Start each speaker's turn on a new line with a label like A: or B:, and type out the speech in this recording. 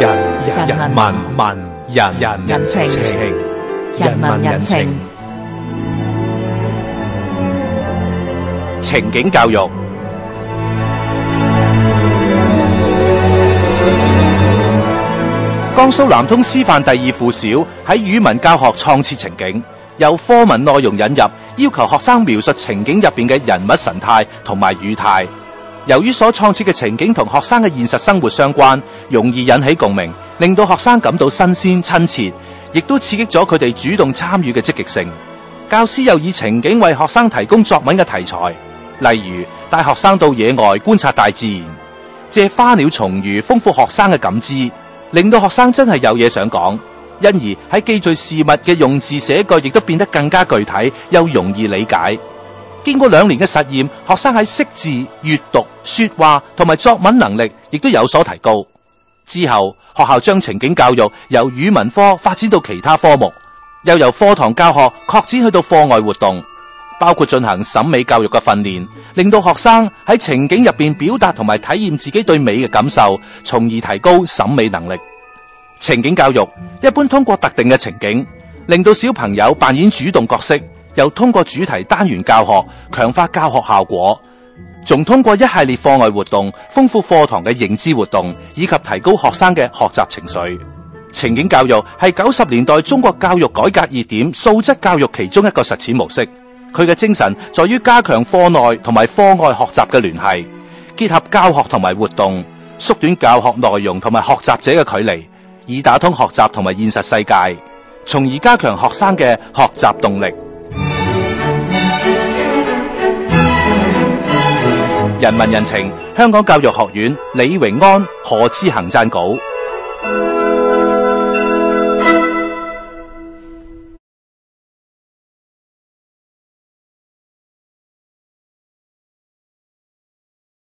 A: 人人，人文文人人，人情情，人文人情，情景教育。江蘇南通師範第二附小喺語文教學創設情景，由課文內容引入，要求學生描述情景入邊嘅人物神態同埋語態。由於所創設嘅情景同學生嘅現實生活相關，容易引起共鳴，令到學生感到新鮮親切，亦都刺激咗佢哋主動參與嘅積極性。教師又以情景為學生提供作文嘅題材，例如帶學生到野外觀察大自然，借花鳥蟲魚豐富學生嘅感知，令到學生真係有嘢想講，因而喺記敘事物嘅用字寫句，亦都變得更加具體又容易理解。經過兩年嘅實驗，學生喺識字、閱讀、說話同埋作文能力亦都有所提高。之後，學校將情景教育由語文科發展到其他科目，又由課堂教學擴展去到課外活動，包括進行審美教育嘅訓練，令到學生喺情景入邊表達同埋體驗自己對美嘅感受，從而提高審美能力。情景教育一般通過特定嘅情景，令到小朋友扮演主動角色。又通過主題單元教學強化教學效果，仲通過一系列課外活動豐富課堂嘅認知活動，以及提高學生嘅學習情緒。情景教育係九十年代中國教育改革熱點，素質教育其中一個實踐模式。佢嘅精神在於加強課內同埋課外學習嘅聯繫，結合教學同埋活動，縮短教學內容同埋學習者嘅距離，以打通學習同埋現實世界，從而加強學生嘅學習動力。人民人情，香港教育學院李榮安何志行撰稿。